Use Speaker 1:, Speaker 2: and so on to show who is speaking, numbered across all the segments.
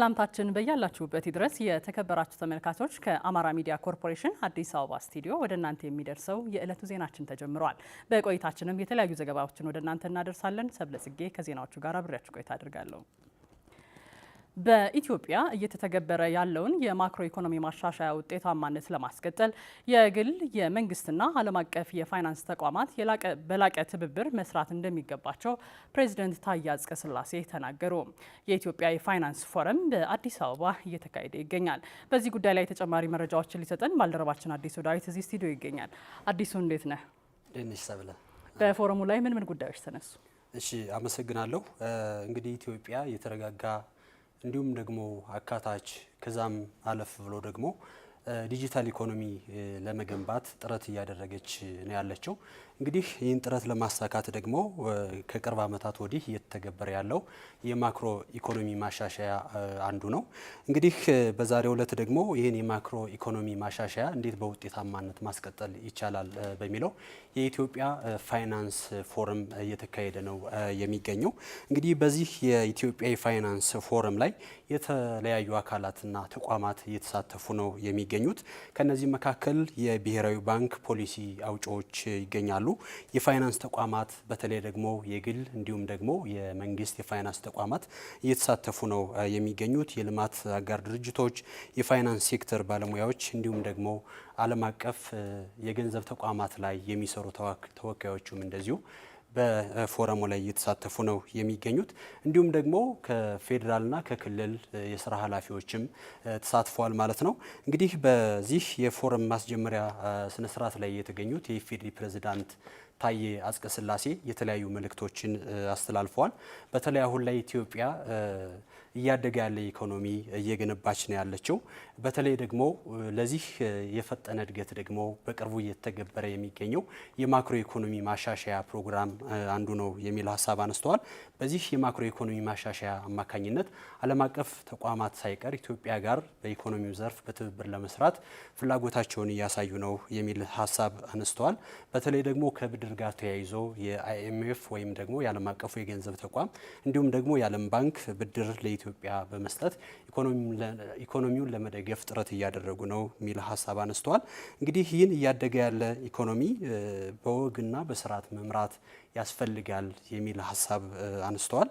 Speaker 1: ሰላምታችን በያላችሁበት ድረስ የተከበራችሁ ተመልካቾች፣ ከአማራ ሚዲያ ኮርፖሬሽን አዲስ አበባ ስቱዲዮ ወደ እናንተ የሚደርሰው የዕለቱ ዜናችን ተጀምሯል። በቆይታችንም የተለያዩ ዘገባዎችን ወደ እናንተ እናደርሳለን። ሰብለጽጌ ከዜናዎቹ ጋር አብሬያችሁ ቆይታ አድርጋለሁ። በኢትዮጵያ እየተተገበረ ያለውን የማክሮ ኢኮኖሚ ማሻሻያ ውጤታማነት ለማስቀጠል የግል የመንግስትና ዓለም አቀፍ የፋይናንስ ተቋማት በላቀ ትብብር መስራት እንደሚገባቸው ፕሬዚደንት ታዬ አጽቀሥላሴ ተናገሩ። የኢትዮጵያ የፋይናንስ ፎረም በአዲስ አበባ እየተካሄደ ይገኛል። በዚህ ጉዳይ ላይ ተጨማሪ መረጃዎችን ሊሰጠን ባልደረባችን አዲሱ ዳዊት እዚህ ስቱዲዮ ይገኛል። አዲሱ እንዴት ነህ? በፎረሙ ላይ ምን ምን ጉዳዮች ተነሱ?
Speaker 2: እሺ፣ አመሰግናለሁ። እንግዲህ ኢትዮጵያ የተረጋጋ እንዲሁም ደግሞ አካታች ከዛም አለፍ ብሎ ደግሞ ዲጂታል ኢኮኖሚ ለመገንባት ጥረት እያደረገች ነው ያለችው። እንግዲህ ይህን ጥረት ለማሳካት ደግሞ ከቅርብ ዓመታት ወዲህ እየተተገበረ ያለው የማክሮ ኢኮኖሚ ማሻሻያ አንዱ ነው። እንግዲህ በዛሬው ዕለት ደግሞ ይህን የማክሮ ኢኮኖሚ ማሻሻያ እንዴት በውጤታማነት ማስቀጠል ይቻላል በሚለው የኢትዮጵያ ፋይናንስ ፎረም እየተካሄደ ነው የሚገኘው። እንግዲህ በዚህ የኢትዮጵያ የፋይናንስ ፎረም ላይ የተለያዩ አካላትና ተቋማት እየተሳተፉ ነው የሚገኙት። ከነዚህ መካከል የብሔራዊ ባንክ ፖሊሲ አውጪዎች ይገኛሉ። የፋይናንስ ተቋማት በተለይ ደግሞ የግል እንዲሁም ደግሞ የመንግስት የፋይናንስ ተቋማት እየተሳተፉ ነው የሚገኙት። የልማት አጋር ድርጅቶች፣ የፋይናንስ ሴክተር ባለሙያዎች እንዲሁም ደግሞ ዓለም አቀፍ የገንዘብ ተቋማት ላይ የሚሰሩ ተወካዮቹም እንደዚሁ በፎረሙ ላይ እየተሳተፉ ነው የሚገኙት። እንዲሁም ደግሞ ከፌዴራልና ከክልል የስራ ኃላፊዎችም ተሳትፈዋል ማለት ነው። እንግዲህ በዚህ የፎረም ማስጀመሪያ ስነስርዓት ላይ የተገኙት የኢፌዴሪ ፕሬዚዳንት ታዬ አጽቀሥላሴ የተለያዩ መልእክቶችን አስተላልፈዋል። በተለይ አሁን ላይ ኢትዮጵያ እያደገ ያለ ኢኮኖሚ እየገነባች ነው ያለችው። በተለይ ደግሞ ለዚህ የፈጠነ እድገት ደግሞ በቅርቡ እየተገበረ የሚገኘው የማክሮ ኢኮኖሚ ማሻሻያ ፕሮግራም አንዱ ነው የሚል ሀሳብ አነስተዋል። በዚህ የማክሮ ኢኮኖሚ ማሻሻያ አማካኝነት ዓለም አቀፍ ተቋማት ሳይቀር ኢትዮጵያ ጋር በኢኮኖሚው ዘርፍ በትብብር ለመስራት ፍላጎታቸውን እያሳዩ ነው የሚል ሀሳብ አነስተዋል። በተለይ ደግሞ ከብድር ጋር ተያይዞ የአይኤምኤፍ ወይም ደግሞ የዓለም አቀፉ የገንዘብ ተቋም እንዲሁም ደግሞ የዓለም ባንክ ብድር ለኢትዮጵያ በመስጠት ኢኮኖሚውን ለመደገፍ ጥረት እያደረጉ ነው የሚል ሀሳብ አነስተዋል። እንግዲህ ይህን እያደገ ያለ ኢኮኖሚ በወግና በስርዓት መምራት ያስፈልጋል የሚል ሀሳብ አነስተዋል።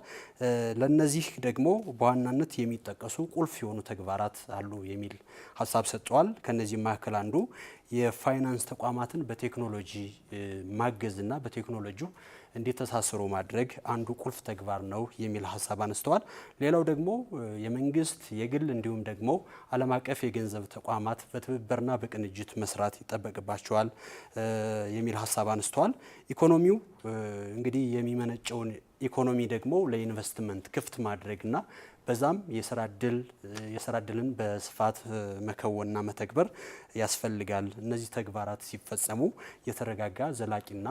Speaker 2: ለነዚህ ደግሞ በዋናነት የሚጠቀሱ ቁልፍ የሆኑ ተግባራት አሉ የሚል ሀሳብ ሰጥተዋል። ከነዚህ መካከል አንዱ የፋይናንስ ተቋማትን በቴክኖሎጂ ማገዝና በቴክኖሎጂው እንዲተሳሰሩ ማድረግ አንዱ ቁልፍ ተግባር ነው የሚል ሀሳብ አነስተዋል። ሌላው ደግሞ የመንግስት የግል እንዲሁም ደግሞ ዓለም አቀፍ የገንዘብ ተቋማት በትብብርና በቅንጅት መስራት ይጠበቅባቸዋል የሚል ሀሳብ አነስተዋል። ኢኮኖሚው እንግዲህ የሚመነጨውን ኢኮኖሚ ደግሞ ለኢንቨስትመንት ክፍት ማድረግና በዛም የስራ እድል የስራ እድልን በስፋት መከወንና መተግበር ያስፈልጋል። እነዚህ ተግባራት ሲፈጸሙ የተረጋጋ ዘላቂና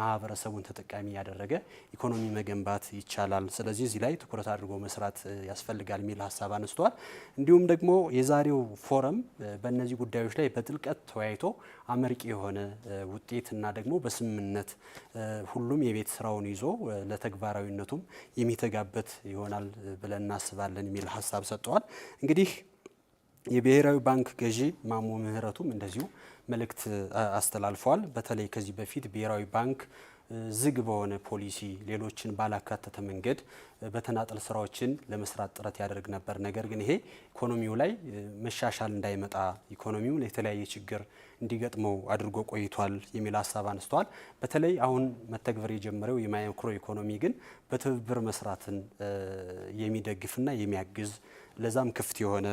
Speaker 2: ማህበረሰቡን ተጠቃሚ ያደረገ ኢኮኖሚ መገንባት ይቻላል። ስለዚህ እዚህ ላይ ትኩረት አድርጎ መስራት ያስፈልጋል የሚል ሀሳብ አነስተዋል። እንዲሁም ደግሞ የዛሬው ፎረም በእነዚህ ጉዳዮች ላይ በጥልቀት ተወያይቶ አመርቂ የሆነ ውጤትና ደግሞ በስምምነት ሁሉም የቤት ስራውን ይዞ ለተግባራዊነቱም የሚተጋበት ይሆናል ብለን እናስባለን የሚል ሀሳብ ሰጥተዋል። እንግዲህ የብሔራዊ ባንክ ገዢ ማሞ ምህረቱም እንደዚሁ መልእክት አስተላልፈዋል። በተለይ ከዚህ በፊት ብሔራዊ ባንክ ዝግ በሆነ ፖሊሲ ሌሎችን ባላካተተ መንገድ በተናጠል ስራዎችን ለመስራት ጥረት ያደርግ ነበር። ነገር ግን ይሄ ኢኮኖሚው ላይ መሻሻል እንዳይመጣ ኢኮኖሚው የተለያየ ችግር እንዲገጥመው አድርጎ ቆይቷል የሚል ሀሳብ አንስተዋል። በተለይ አሁን መተግበር የጀመረው የማይክሮ ኢኮኖሚ ግን በትብብር መስራትን የሚደግፍና የሚያግዝ ለዛም ክፍት የሆነ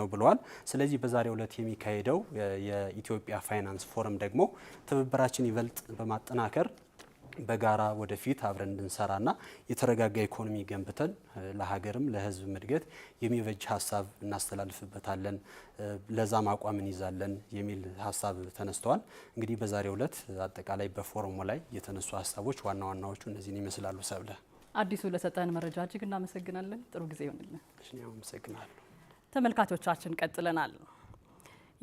Speaker 2: ነው ብለዋል። ስለዚህ በዛሬው ዕለት የሚካሄደው የኢትዮጵያ ፋይናንስ ፎረም ደግሞ ትብብራችን ይበልጥ በማጠናከር በጋራ ወደፊት አብረን እንድንሰራና የተረጋጋ ኢኮኖሚ ገንብተን ለሀገርም ለሕዝብ እድገት የሚበጅ ሀሳብ እናስተላልፍበታለን፣ ለዛም አቋም እንይዛለን የሚል ሀሳብ ተነስተዋል። እንግዲህ በዛሬው ዕለት አጠቃላይ በፎረሙ ላይ የተነሱ ሀሳቦች ዋና ዋናዎቹ እነዚህን ይመስላሉ። ሰብለ
Speaker 1: አዲሱ፣ ለሰጠን መረጃ እጅግ እናመሰግናለን። ጥሩ ጊዜ ይሆንልን።
Speaker 2: አመሰግናለሁ።
Speaker 1: ተመልካቾቻችን ቀጥለናል።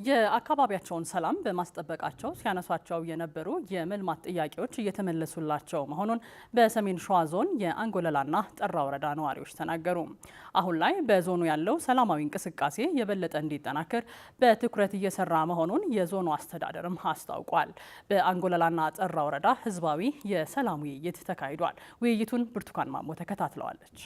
Speaker 1: የአካባቢያቸውን ሰላም በማስጠበቃቸው ሲያነሷቸው የነበሩ የመልማት ጥያቄዎች እየተመለሱላቸው መሆኑን በሰሜን ሸዋ ዞን የአንጎለላና ጠራ ወረዳ ነዋሪዎች ተናገሩ። አሁን ላይ በዞኑ ያለው ሰላማዊ እንቅስቃሴ የበለጠ እንዲጠናከር በትኩረት እየሰራ መሆኑን የዞኑ አስተዳደርም አስታውቋል። በአንጎለላና ጠራ ወረዳ ህዝባዊ የሰላም ውይይት ተካሂዷል። ውይይቱን ብርቱካን ማሞ ተከታትለዋለች።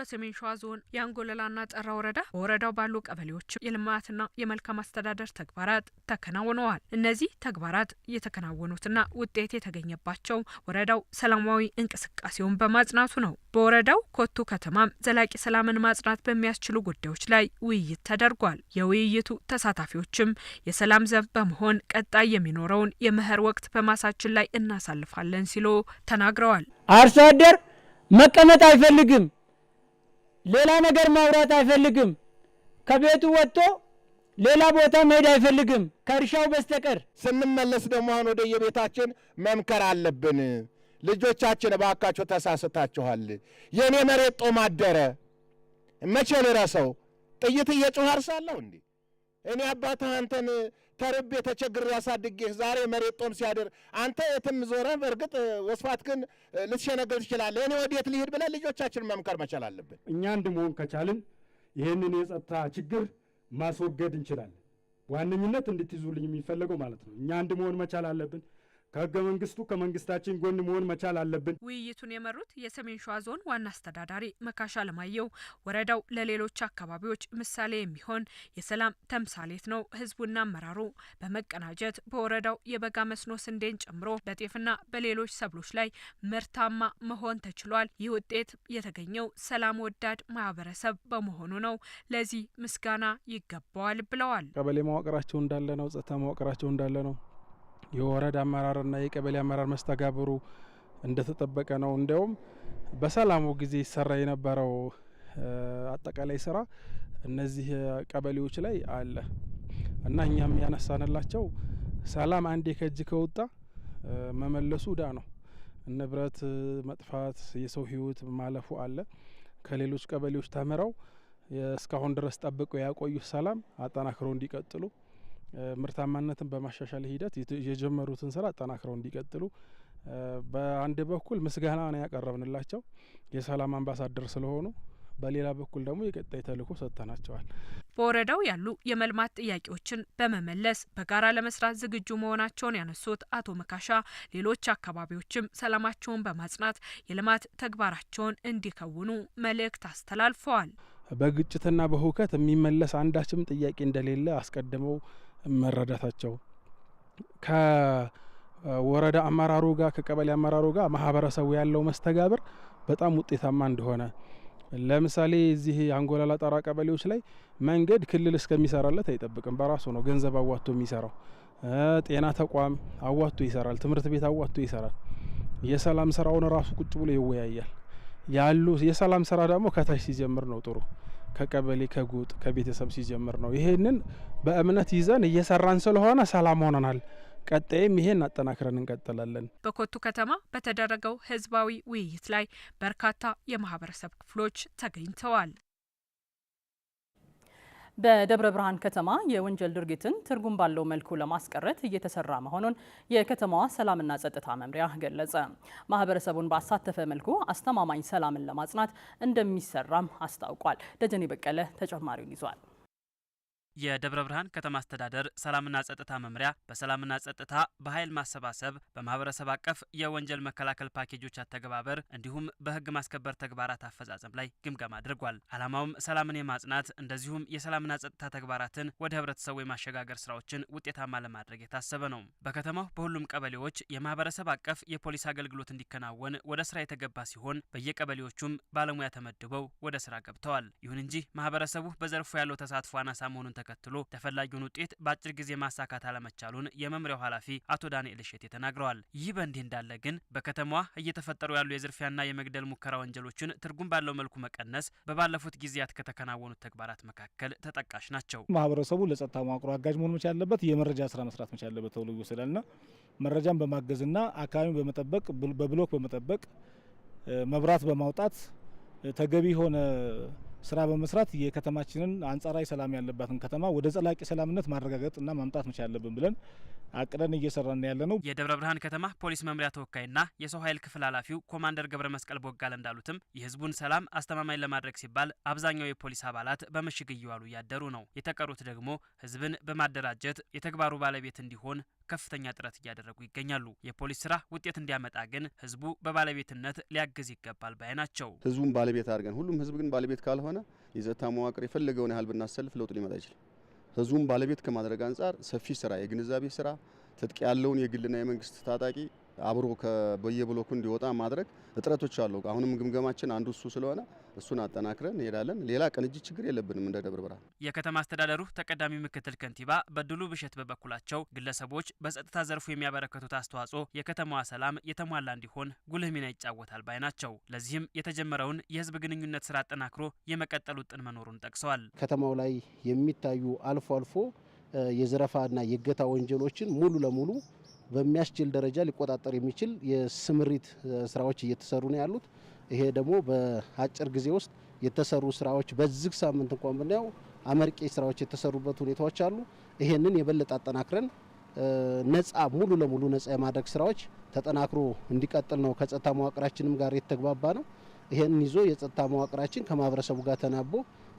Speaker 3: በሰሜን ሸዋ ዞን የአንጎለላና ጠራ ወረዳ በወረዳው ባሉ ቀበሌዎች የልማትና የመልካም አስተዳደር ተግባራት ተከናውነዋል። እነዚህ ተግባራት የተከናወኑትና ውጤት የተገኘባቸው ወረዳው ሰላማዊ እንቅስቃሴውን በማጽናቱ ነው። በወረዳው ኮቱ ከተማም ዘላቂ ሰላምን ማጽናት በሚያስችሉ ጉዳዮች ላይ ውይይት ተደርጓል። የውይይቱ ተሳታፊዎችም የሰላም ዘብ በመሆን ቀጣይ የሚኖረውን የመኸር ወቅት በማሳችን ላይ እናሳልፋለን ሲሉ ተናግረዋል።
Speaker 4: አርሶ አደር መቀመጥ አይፈልግም። ሌላ ነገር ማውራት አይፈልግም። ከቤቱ ወጥቶ ሌላ ቦታ መሄድ አይፈልግም ከእርሻው በስተቀር።
Speaker 5: ስንመለስ ደግሞ አሁን ወደ የቤታችን መምከር አለብን። ልጆቻችን እባካችሁ ተሳስታችኋል። የእኔ መሬት ጦም አደረ። መቼ ልረሰው? ጥይት እየጮኸ አርሳለሁ እንዴ? እኔ አባትህ አንተን ተርቤ ተቸግር ያሳድጌህ ዛሬ መሬት ጦም ሲያድር አንተ የትም ዞረ በእርግጥ ወስፋት ግን ልትሸነግል ትችላለህ። እኔ ወዴት ሊሄድ ብለን ልጆቻችን መምከር መቻል አለብን።
Speaker 6: እኛ አንድ መሆን ከቻልን ይህንን የጸጥታ ችግር ማስወገድ እንችላለን። ዋነኝነት እንድትይዙልኝ የሚፈለገው ማለት ነው። እኛ አንድ መሆን መቻል አለብን። ከህገ መንግስቱ ከመንግስታችን ጎን መሆን መቻል አለብን።
Speaker 3: ውይይቱን የመሩት የሰሜን ሸዋ ዞን ዋና አስተዳዳሪ መካሻ ለማየው ወረዳው ለሌሎች አካባቢዎች ምሳሌ የሚሆን የሰላም ተምሳሌት ነው፣ ህዝቡና አመራሩ በመቀናጀት በወረዳው የበጋ መስኖ ስንዴን ጨምሮ በጤፍና በሌሎች ሰብሎች ላይ ምርታማ መሆን ተችሏል። ይህ ውጤት የተገኘው ሰላም ወዳድ ማህበረሰብ በመሆኑ ነው። ለዚህ ምስጋና ይገባዋል ብለዋል።
Speaker 7: ቀበሌ መዋቅራቸው እንዳለ ነው። ጸጥታ መዋቅራቸው እንዳለ ነው። የወረዳ አመራርና የቀበሌ አመራር መስተጋብሩ እንደተጠበቀ ነው። እንዲያውም በሰላሙ ጊዜ ይሰራ የነበረው አጠቃላይ ስራ እነዚህ ቀበሌዎች ላይ አለ እና እኛም ያነሳንላቸው ሰላም አንዴ ከእጅ ከወጣ መመለሱ ዳ ነው። ንብረት መጥፋት፣ የሰው ህይወት ማለፉ አለ። ከሌሎች ቀበሌዎች ተምረው እስካሁን ድረስ ጠብቀው ያቆዩ ሰላም አጠናክረው እንዲቀጥሉ ምርታማነትን በማሻሻል ሂደት የጀመሩትን ስራ አጠናክረው እንዲቀጥሉ በአንድ በኩል ምስጋና ነው ያቀረብንላቸው የሰላም አምባሳደር ስለሆኑ በሌላ በኩል ደግሞ የቀጣይ ተልእኮ ሰጥተናቸዋል።
Speaker 3: በወረዳው ያሉ የመልማት ጥያቄዎችን በመመለስ በጋራ ለመስራት ዝግጁ መሆናቸውን ያነሱት አቶ መካሻ ሌሎች አካባቢዎችም ሰላማቸውን በማጽናት የልማት ተግባራቸውን እንዲከውኑ መልእክት አስተላልፈዋል።
Speaker 7: በግጭትና በሁከት የሚመለስ አንዳችም ጥያቄ እንደሌለ አስቀድመው መረዳታቸው ከወረዳ አመራሩ ጋር ከቀበሌ አመራሩ ጋር ማህበረሰቡ ያለው መስተጋብር በጣም ውጤታማ እንደሆነ ለምሳሌ እዚህ አንጎላላ ጣራ ቀበሌዎች ላይ መንገድ ክልል እስከሚሰራለት አይጠብቅም። በራሱ ነው ገንዘብ አዋቶ የሚሰራው። ጤና ተቋም አዋቶ ይሰራል። ትምህርት ቤት አዋቶ ይሰራል። የሰላም ስራውን ራሱ ቁጭ ብሎ ይወያያል። ያሉ የሰላም ስራ ደግሞ ከታች ሲጀምር ነው ጥሩ። ከቀበሌ ከጎጥ ከቤተሰብ ሲጀምር ነው። ይሄንን በእምነት ይዘን እየሰራን ስለሆነ ሰላም ሆነናል። ቀጣይም ይሄን አጠናክረን እንቀጥላለን።
Speaker 3: በኮቱ ከተማ በተደረገው ህዝባዊ ውይይት ላይ በርካታ የማህበረሰብ ክፍሎች ተገኝተዋል።
Speaker 1: በደብረ ብርሃን ከተማ የወንጀል ድርጊትን ትርጉም ባለው መልኩ ለማስቀረት እየተሰራ መሆኑን የከተማዋ ሰላምና ጸጥታ መምሪያ ገለጸ። ማህበረሰቡን ባሳተፈ መልኩ አስተማማኝ ሰላምን ለማጽናት እንደሚሰራም አስታውቋል። ደጀኔ በቀለ ተጨማሪውን ይዟል።
Speaker 3: የደብረ ብርሃን ከተማ አስተዳደር ሰላምና ጸጥታ መምሪያ በሰላምና ጸጥታ፣ በኃይል ማሰባሰብ፣ በማህበረሰብ አቀፍ የወንጀል መከላከል ፓኬጆች አተገባበር እንዲሁም በህግ ማስከበር ተግባራት አፈጻጸም ላይ ግምገማ አድርጓል። ዓላማውም ሰላምን የማጽናት እንደዚሁም የሰላምና ጸጥታ ተግባራትን ወደ ህብረተሰቡ የማሸጋገር ስራዎችን ውጤታማ ለማድረግ የታሰበ ነው። በከተማው በሁሉም ቀበሌዎች የማህበረሰብ አቀፍ የፖሊስ አገልግሎት እንዲከናወን ወደ ስራ የተገባ ሲሆን በየቀበሌዎቹም ባለሙያ ተመድበው ወደ ስራ ገብተዋል። ይሁን እንጂ ማህበረሰቡ በዘርፉ ያለው ተሳትፎ አናሳ መሆኑን ተከትሎ ተፈላጊውን ውጤት በአጭር ጊዜ ማሳካት አለመቻሉን የመምሪያው ኃላፊ አቶ ዳንኤል እሸቴ ተናግረዋል። ይህ በእንዲህ እንዳለ ግን በከተማዋ እየተፈጠሩ ያሉ የዝርፊያና የመግደል ሙከራ ወንጀሎችን ትርጉም ባለው መልኩ መቀነስ በባለፉት ጊዜያት ከተከናወኑት ተግባራት መካከል ተጠቃሽ ናቸው።
Speaker 8: ማህበረሰቡ ለጸጥታ መዋቅሮ አጋዥ መሆን መቻል ያለበት የመረጃ ስራ መስራት መቻል አለበት ተብሎ ይወሰዳልና መረጃን በማገዝና አካባቢን በመጠበቅ በብሎክ በመጠበቅ መብራት በማውጣት ተገቢ የሆነ ስራ በመስራት የከተማችንን አንጻራዊ ሰላም ያለባትን ከተማ ወደ ዘላቂ ሰላምነት ማረጋገጥና ማምጣት መቻል ያለብን ብለን አቅደን እየሰራን ያለ ነው።
Speaker 3: የደብረ ብርሃን ከተማ ፖሊስ መምሪያ ተወካይና የሰው ኃይል ክፍል ኃላፊው ኮማንደር ገብረ መስቀል ቦጋል እንዳሉትም የህዝቡን ሰላም አስተማማኝ ለማድረግ ሲባል አብዛኛው የፖሊስ አባላት በምሽግ እየዋሉ እያደሩ ነው። የተቀሩት ደግሞ ህዝብን በማደራጀት የተግባሩ ባለቤት እንዲሆን ከፍተኛ ጥረት እያደረጉ ይገኛሉ። የፖሊስ ስራ ውጤት እንዲያመጣ ግን ህዝቡ በባለቤትነት ሊያግዝ ይገባል ባይ ናቸው።
Speaker 9: ህዝቡን ባለቤት አድርገን ሁሉም ህዝብ ግን ባለቤት ካልሆነ የጸጥታ መዋቅር የፈለገውን ያህል ብናሰልፍ ለውጥ ሊመጣ አይችልም። ህዝቡን ባለቤት ከማድረግ አንጻር ሰፊ ስራ፣ የግንዛቤ ስራ፣ ትጥቅ ያለውን የግልና የመንግስት ታጣቂ አብሮ በየብሎኩ እንዲወጣ ማድረግ እጥረቶች አሉ። አሁንም ግምገማችን አንዱ እሱ ስለሆነ እሱን አጠናክረን እንሄዳለን። ሌላ ቅንጅት ችግር የለብንም እንደ ደብረ ብርሃን።
Speaker 3: የከተማ አስተዳደሩ ተቀዳሚ ምክትል ከንቲባ በድሉ ብሸት በበኩላቸው ግለሰቦች በጸጥታ ዘርፉ የሚያበረከቱት አስተዋጽኦ የከተማዋ ሰላም የተሟላ እንዲሆን ጉልህ ሚና ይጫወታል ባይ ናቸው። ለዚህም የተጀመረውን የህዝብ ግንኙነት ስራ አጠናክሮ የመቀጠል ውጥን መኖሩን ጠቅሰዋል።
Speaker 8: ከተማው ላይ የሚታዩ አልፎ አልፎ የዘረፋና የእገታ ወንጀሎችን ሙሉ ለሙሉ በሚያስችል ደረጃ ሊቆጣጠር የሚችል የስምሪት ስራዎች እየተሰሩ ነው ያሉት ይሄ ደግሞ በአጭር ጊዜ ውስጥ የተሰሩ ስራዎች በዚህ ሳምንት እንኳን ብናየው አመርቂ ስራዎች የተሰሩበት ሁኔታዎች አሉ። ይሄንን የበለጠ አጠናክረን ነጻ ሙሉ ለሙሉ ነጻ የማድረግ ስራዎች ተጠናክሮ እንዲቀጥል ነው ከጸጥታ መዋቅራችንም ጋር የተግባባ ነው። ይሄንን ይዞ የጸጥታ መዋቅራችን ከማህበረሰቡ ጋር ተናቦ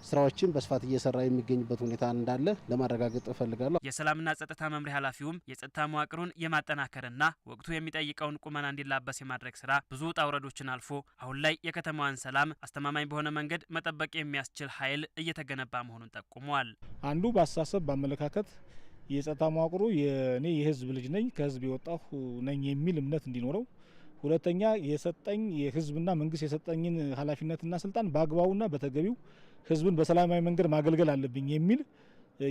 Speaker 8: ስራዎችን በስፋት እየሰራ የሚገኝበት ሁኔታ እንዳለ ለማረጋገጥ እፈልጋለሁ።
Speaker 3: የሰላምና ጸጥታ መምሪያ ኃላፊውም የጸጥታ መዋቅሩን የማጠናከርና ወቅቱ የሚጠይቀውን ቁመና እንዲላበስ የማድረግ ስራ ብዙ ውጣ ውረዶችን አልፎ አሁን ላይ የከተማዋን ሰላም አስተማማኝ በሆነ መንገድ መጠበቅ የሚያስችል ኃይል እየተገነባ መሆኑን ጠቁመዋል።
Speaker 8: አንዱ በአስተሳሰብ በአመለካከት የጸጥታ መዋቅሩ እኔ የህዝብ ልጅ ነኝ ከህዝብ የወጣሁ ነኝ የሚል እምነት እንዲኖረው ሁለተኛ የሰጠኝ የህዝብና መንግስት የሰጠኝን ኃላፊነትና ስልጣን በአግባቡና በተገቢው ህዝብን በሰላማዊ መንገድ ማገልገል አለብኝ የሚል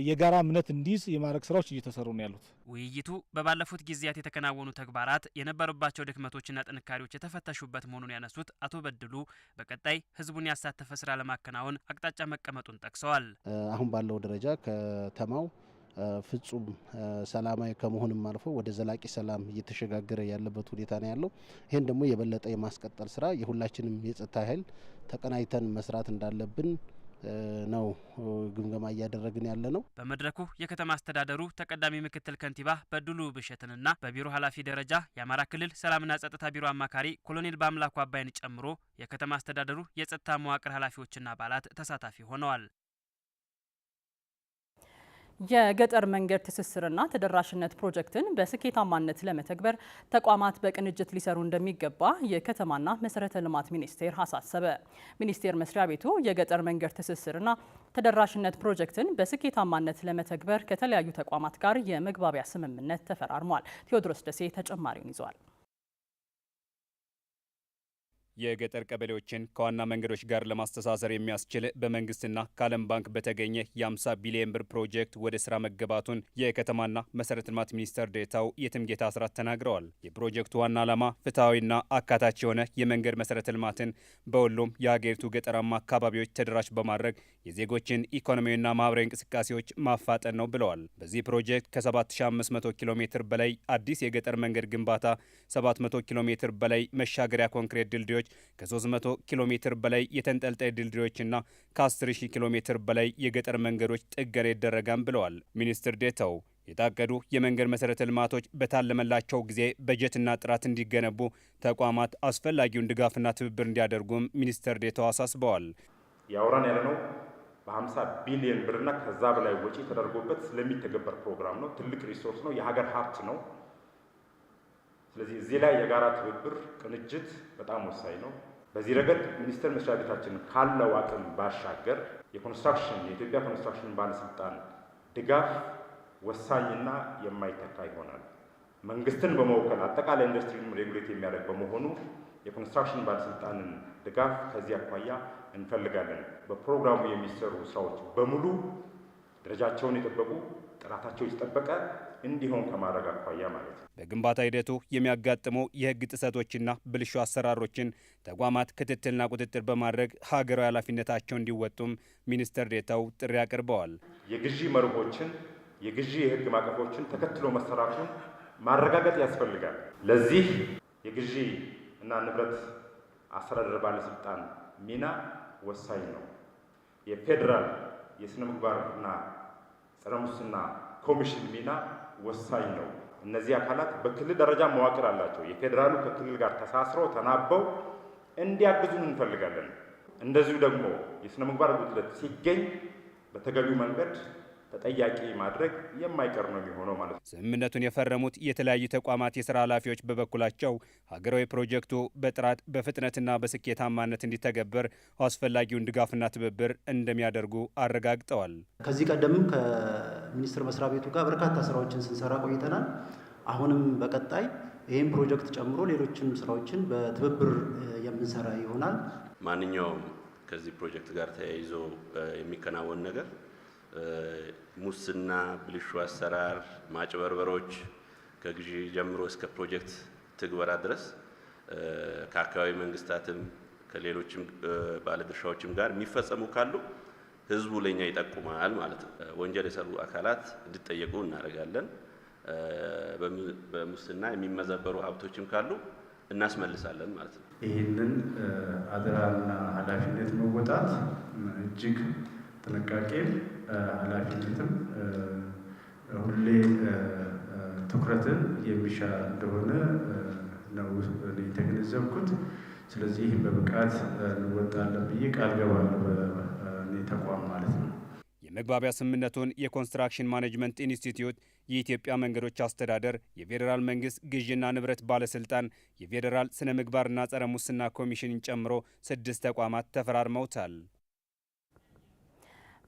Speaker 8: የጋራ እምነት እንዲይዝ የማድረግ ስራዎች እየተሰሩ ነው ያሉት
Speaker 3: ውይይቱ በባለፉት ጊዜያት የተከናወኑ ተግባራት የነበሩባቸው ድክመቶችና ጥንካሬዎች የተፈተሹበት መሆኑን ያነሱት አቶ በድሉ በቀጣይ ህዝቡን ያሳተፈ ስራ ለማከናወን አቅጣጫ መቀመጡን ጠቅሰዋል።
Speaker 2: አሁን ባለው ደረጃ ከተማው ፍጹም ሰላማዊ ከመሆንም አልፎ ወደ ዘላቂ ሰላም እየተሸጋገረ ያለበት ሁኔታ ነው ያለው። ይህን ደግሞ የበለጠ የማስቀጠል ስራ የሁላችንም የጸጥታ ኃይል ተቀናይተን መስራት እንዳለብን ነው ግምገማ እያደረግን ያለ ነው።
Speaker 3: በመድረኩ የከተማ አስተዳደሩ ተቀዳሚ ምክትል ከንቲባ በድሉ ብሸትንና በቢሮ ኃላፊ ደረጃ የአማራ ክልል ሰላምና ጸጥታ ቢሮ አማካሪ ኮሎኔል በአምላኩ አባይን ጨምሮ የከተማ አስተዳደሩ የጸጥታ መዋቅር ኃላፊዎችና አባላት ተሳታፊ ሆነዋል።
Speaker 1: የገጠር መንገድ ትስስርና ተደራሽነት ፕሮጀክትን በስኬታማነት ለመተግበር ተቋማት በቅንጅት ሊሰሩ እንደሚገባ የከተማና መሰረተ ልማት ሚኒስቴር አሳሰበ። ሚኒስቴር መስሪያ ቤቱ የገጠር መንገድ ትስስርና ተደራሽነት ፕሮጀክትን በስኬታማነት ለመተግበር ከተለያዩ ተቋማት ጋር የመግባቢያ ስምምነት ተፈራርሟል። ቴዎድሮስ ደሴ ተጨማሪውን ይዟል።
Speaker 10: የገጠር ቀበሌዎችን ከዋና መንገዶች ጋር ለማስተሳሰር የሚያስችል በመንግስትና ከዓለም ባንክ በተገኘ የ50 ቢሊዮን ብር ፕሮጀክት ወደ ስራ መገባቱን የከተማና መሰረተ ልማት ሚኒስተር ዴታው የትምጌታ አስራት ተናግረዋል። የፕሮጀክቱ ዋና ዓላማ ፍትሐዊና አካታች የሆነ የመንገድ መሰረተ ልማትን በሁሉም የሀገሪቱ ገጠራማ አካባቢዎች ተደራሽ በማድረግ የዜጎችን ኢኮኖሚያዊና ማህበራዊ እንቅስቃሴዎች ማፋጠን ነው ብለዋል። በዚህ ፕሮጀክት ከ7500 ኪሎ ሜትር በላይ አዲስ የገጠር መንገድ ግንባታ፣ 700 ኪሎ ሜትር በላይ መሻገሪያ ኮንክሬት ድልድዮች ከ300 ኪሎ ሜትር በላይ የተንጠልጣይ ድልድዮችና ከ10,000 ኪሎ ሜትር በላይ የገጠር መንገዶች ጥገና ይደረጋም ብለዋል ሚኒስትር ዴታው። የታቀዱ የመንገድ መሰረተ ልማቶች በታለመላቸው ጊዜ በጀትና ጥራት እንዲገነቡ ተቋማት አስፈላጊውን ድጋፍና ትብብር እንዲያደርጉም ሚኒስትር ዴታው አሳስበዋል።
Speaker 11: የአውራን ያለነው በ50 ቢሊዮን ብርና ከዛ በላይ ወጪ ተደርጎበት ስለሚተገበር ፕሮግራም ነው። ትልቅ ሪሶርስ ነው። የሀገር ሀብት ነው። ስለዚህ እዚህ ላይ የጋራ ትብብር፣ ቅንጅት በጣም ወሳኝ ነው። በዚህ ረገድ ሚኒስቴር መስሪያ ቤታችን ካለው አቅም ባሻገር የኮንስትራክሽን የኢትዮጵያ ኮንስትራክሽን ባለስልጣን ድጋፍ ወሳኝና የማይተካ ይሆናል። መንግስትን በመወከል አጠቃላይ ኢንዱስትሪን ሬጉሌት የሚያደርግ በመሆኑ የኮንስትራክሽን ባለስልጣንን ድጋፍ ከዚህ አኳያ እንፈልጋለን። በፕሮግራሙ የሚሰሩ ስራዎች በሙሉ ደረጃቸውን የጠበቁ ጥራታቸው የተጠበቀ እንዲሆን ከማድረግ አኳያ ማለት ነው።
Speaker 10: በግንባታ ሂደቱ የሚያጋጥሙ የህግ ጥሰቶችና ብልሹ አሰራሮችን ተቋማት ክትትልና ቁጥጥር በማድረግ ሀገራዊ ኃላፊነታቸው እንዲወጡም ሚኒስትር ዴታው ጥሪ አቅርበዋል።
Speaker 11: የግዢ መርሆችን የግዢ የህግ ማዕቀፎችን ተከትሎ መሰራቱን ማረጋገጥ ያስፈልጋል። ለዚህ የግዢ እና ንብረት አስተዳደር ባለስልጣን ሚና ወሳኝ ነው። የፌዴራል የስነ ምግባርና ጸረ ሙስና ኮሚሽን ሚና ወሳኝ ነው። እነዚህ አካላት በክልል ደረጃ መዋቅር አላቸው። የፌዴራሉ ከክልል ጋር ተሳስረው ተናበው እንዲያግዙን እንፈልጋለን። እንደዚሁ ደግሞ የስነ ምግባር ጉድለት ሲገኝ በተገቢው መንገድ ተጠያቂ ማድረግ የማይቀር ነው የሚሆነው ማለት ነው።
Speaker 10: ስምምነቱን የፈረሙት የተለያዩ ተቋማት የስራ ኃላፊዎች በበኩላቸው ሀገራዊ ፕሮጀክቱ በጥራት በፍጥነትና በስኬታማነት እንዲተገበር አስፈላጊውን ድጋፍና ትብብር እንደሚያደርጉ አረጋግጠዋል።
Speaker 12: ከዚህ ቀደምም ከሚኒስቴር መስሪያ ቤቱ ጋር በርካታ ስራዎችን ስንሰራ ቆይተናል። አሁንም በቀጣይ ይህም ፕሮጀክት ጨምሮ ሌሎችም ስራዎችን በትብብር የምንሰራ ይሆናል።
Speaker 13: ማንኛውም ከዚህ ፕሮጀክት ጋር ተያይዞ የሚከናወን ነገር ሙስና፣ ብልሹ አሰራር፣ ማጭበርበሮች ከግዢ ጀምሮ እስከ ፕሮጀክት ትግበራ ድረስ ከአካባቢ መንግስታትም ከሌሎችም ባለድርሻዎችም ጋር የሚፈጸሙ ካሉ ህዝቡ ለእኛ ይጠቁማል ማለት ነው። ወንጀል የሰሩ አካላት እንዲጠየቁ እናደርጋለን። በሙስና የሚመዘበሩ ሀብቶችም ካሉ እናስመልሳለን ማለት ነው።
Speaker 14: ይህንን አደራና ኃላፊነት መወጣት እጅግ ጥንቃቄ ኃላፊነትም ሁሌ ትኩረትን የሚሻ እንደሆነ ነው የተገነዘብኩት። ስለዚህ ይህን በብቃት እንወጣለን ብዬ ቃል ገባለሁ በእኔ ተቋም ማለት ነው።
Speaker 10: የመግባቢያ ስምምነቱን የኮንስትራክሽን ማኔጅመንት ኢንስቲትዩት፣ የኢትዮጵያ መንገዶች አስተዳደር፣ የፌዴራል መንግስት ግዥና ንብረት ባለስልጣን፣ የፌዴራል ስነ ምግባርና ጸረ ሙስና ኮሚሽንን ጨምሮ ስድስት ተቋማት ተፈራርመውታል።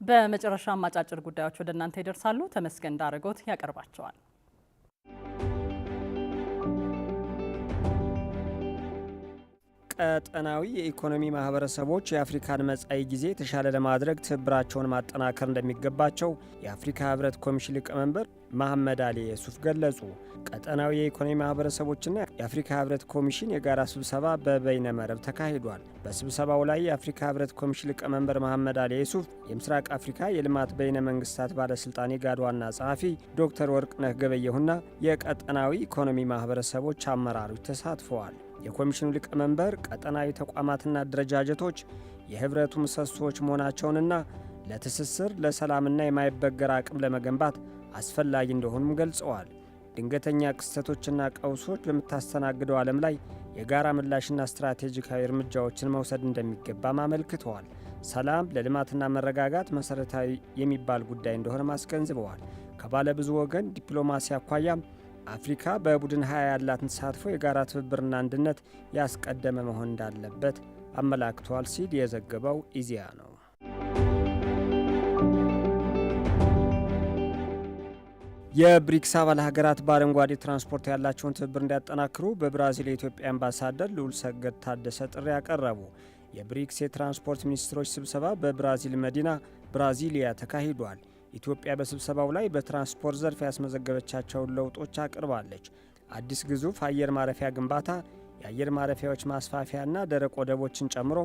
Speaker 1: በመጨረሻም አጫጭር ጉዳዮች ወደ እናንተ ይደርሳሉ። ተመስገን ዳረጎት ያቀርባቸዋል።
Speaker 4: ቀጠናዊ የኢኮኖሚ ማህበረሰቦች የአፍሪካን መጻኢ ጊዜ የተሻለ ለማድረግ ትብብራቸውን ማጠናከር እንደሚገባቸው የአፍሪካ ህብረት ኮሚሽን ሊቀመንበር መሐመድ አሊ የሱፍ ገለጹ። ቀጠናዊ የኢኮኖሚ ማህበረሰቦችና የአፍሪካ ህብረት ኮሚሽን የጋራ ስብሰባ በበይነ መረብ ተካሂዷል። በስብሰባው ላይ የአፍሪካ ህብረት ኮሚሽን ሊቀመንበር መሐመድ አሊ የሱፍ፣ የምስራቅ አፍሪካ የልማት በይነ መንግስታት ባለስልጣን የጋድ ዋና ጸሐፊ ዶክተር ወርቅነህ ገበየሁና የቀጠናዊ ኢኮኖሚ ማህበረሰቦች አመራሮች ተሳትፈዋል። የኮሚሽኑ ሊቀመንበር ቀጠናዊ ተቋማትና አደረጃጀቶች የህብረቱ ምሰሶዎች መሆናቸውንና ለትስስር ለሰላምና የማይበገር አቅም ለመገንባት አስፈላጊ እንደሆኑም ገልጸዋል። ድንገተኛ ክስተቶችና ቀውሶች በምታስተናግደው ዓለም ላይ የጋራ ምላሽና ስትራቴጂካዊ እርምጃዎችን መውሰድ እንደሚገባም አመልክተዋል። ሰላም ለልማትና መረጋጋት መሠረታዊ የሚባል ጉዳይ እንደሆነም አስገንዝበዋል። ከባለብዙ ወገን ዲፕሎማሲ አኳያም አፍሪካ በቡድን ሀያ ያላትን ተሳትፎ የጋራ ትብብርና አንድነት ያስቀደመ መሆን እንዳለበት አመላክቷል ሲል የዘገበው ኢዜአ ነው። የብሪክስ አባል ሀገራት በአረንጓዴ ትራንስፖርት ያላቸውን ትብብር እንዲያጠናክሩ በብራዚል የኢትዮጵያ አምባሳደር ልዑል ሰገድ ታደሰ ጥሪ አቀረቡ። የብሪክስ የትራንስፖርት ሚኒስትሮች ስብሰባ በብራዚል መዲና ብራዚሊያ ተካሂዷል። ኢትዮጵያ በስብሰባው ላይ በትራንስፖርት ዘርፍ ያስመዘገበቻቸውን ለውጦች አቅርባለች። አዲስ ግዙፍ አየር ማረፊያ ግንባታ፣ የአየር ማረፊያዎች ማስፋፊያና ደረቅ ወደቦችን ጨምሮ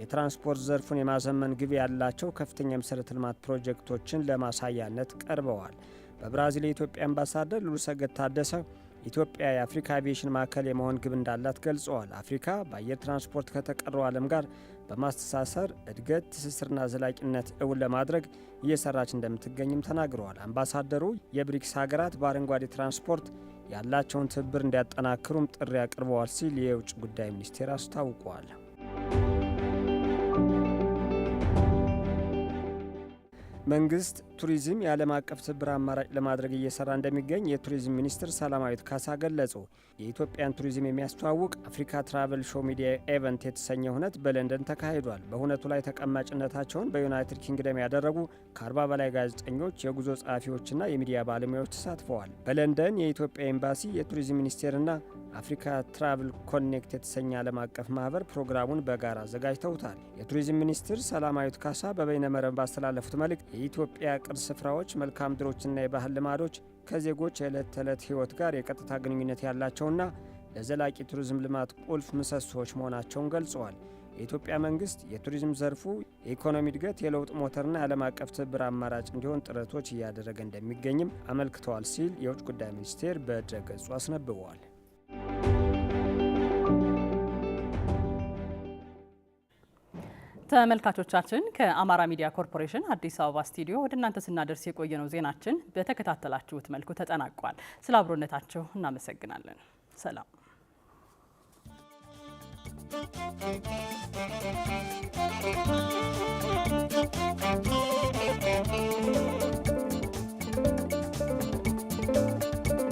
Speaker 4: የትራንስፖርት ዘርፉን የማዘመን ግብ ያላቸው ከፍተኛ የመሠረተ ልማት ፕሮጀክቶችን ለማሳያነት ቀርበዋል። በብራዚል የኢትዮጵያ አምባሳደር ሉሰገድ ታደሰ ኢትዮጵያ የአፍሪካ አቪዬሽን ማዕከል የመሆን ግብ እንዳላት ገልጸዋል። አፍሪካ በአየር ትራንስፖርት ከተቀረው ዓለም ጋር በማስተሳሰር እድገት፣ ትስስርና ዘላቂነት እውን ለማድረግ እየሰራች እንደምትገኝም ተናግረዋል። አምባሳደሩ የብሪክስ ሀገራት በአረንጓዴ ትራንስፖርት ያላቸውን ትብብር እንዲያጠናክሩም ጥሪ አቅርበዋል ሲል የውጭ ጉዳይ ሚኒስቴር አስታውቋል። መንግስት ቱሪዝም የዓለም አቀፍ ትብብር አማራጭ ለማድረግ እየሰራ እንደሚገኝ የቱሪዝም ሚኒስትር ሰላማዊት ካሳ ገለጹ። የኢትዮጵያን ቱሪዝም የሚያስተዋውቅ አፍሪካ ትራቨል ሾ ሚዲያ ኤቨንት የተሰኘ ሁነት በለንደን ተካሂዷል። በሁነቱ ላይ ተቀማጭነታቸውን በዩናይትድ ኪንግደም ያደረጉ ከ በላይ ጋዜጠኞች፣ የጉዞ ጸሐፊዎችና የሚዲያ ባለሙያዎች ተሳትፈዋል። በለንደን የኢትዮጵያ ኤምባሲ፣ የቱሪዝም ሚኒስቴርና አፍሪካ ትራቭል ኮኔክት የተሰኘ ዓለም አቀፍ ማህበር ፕሮግራሙን በጋራ አዘጋጅተውታል። የቱሪዝም ሚኒስትር ሰላማዊት ካሳ በበይነመረብ ባስተላለፉት መልእክት የኢትዮጵያ ቅርስ ስፍራዎች፣ መልክዓ ምድሮችና የባህል ልማዶች ከዜጎች የዕለት ተዕለት ሕይወት ጋር የቀጥታ ግንኙነት ያላቸውና ለዘላቂ ቱሪዝም ልማት ቁልፍ ምሰሶዎች መሆናቸውን ገልጸዋል። የኢትዮጵያ መንግስት የቱሪዝም ዘርፉ የኢኮኖሚ እድገት የለውጥ ሞተርና የዓለም አቀፍ ትብብር አማራጭ እንዲሆን ጥረቶች እያደረገ እንደሚገኝም አመልክተዋል ሲል የውጭ ጉዳይ ሚኒስቴር በድረገጹ አስነብበዋል።
Speaker 1: ተመልካቾቻችን ከአማራ ሚዲያ ኮርፖሬሽን አዲስ አበባ ስቱዲዮ ወደ እናንተ ስናደርስ የቆየነው ዜናችን በተከታተላችሁት መልኩ ተጠናቋል። ስለ አብሮነታችሁ እናመሰግናለን። ሰላም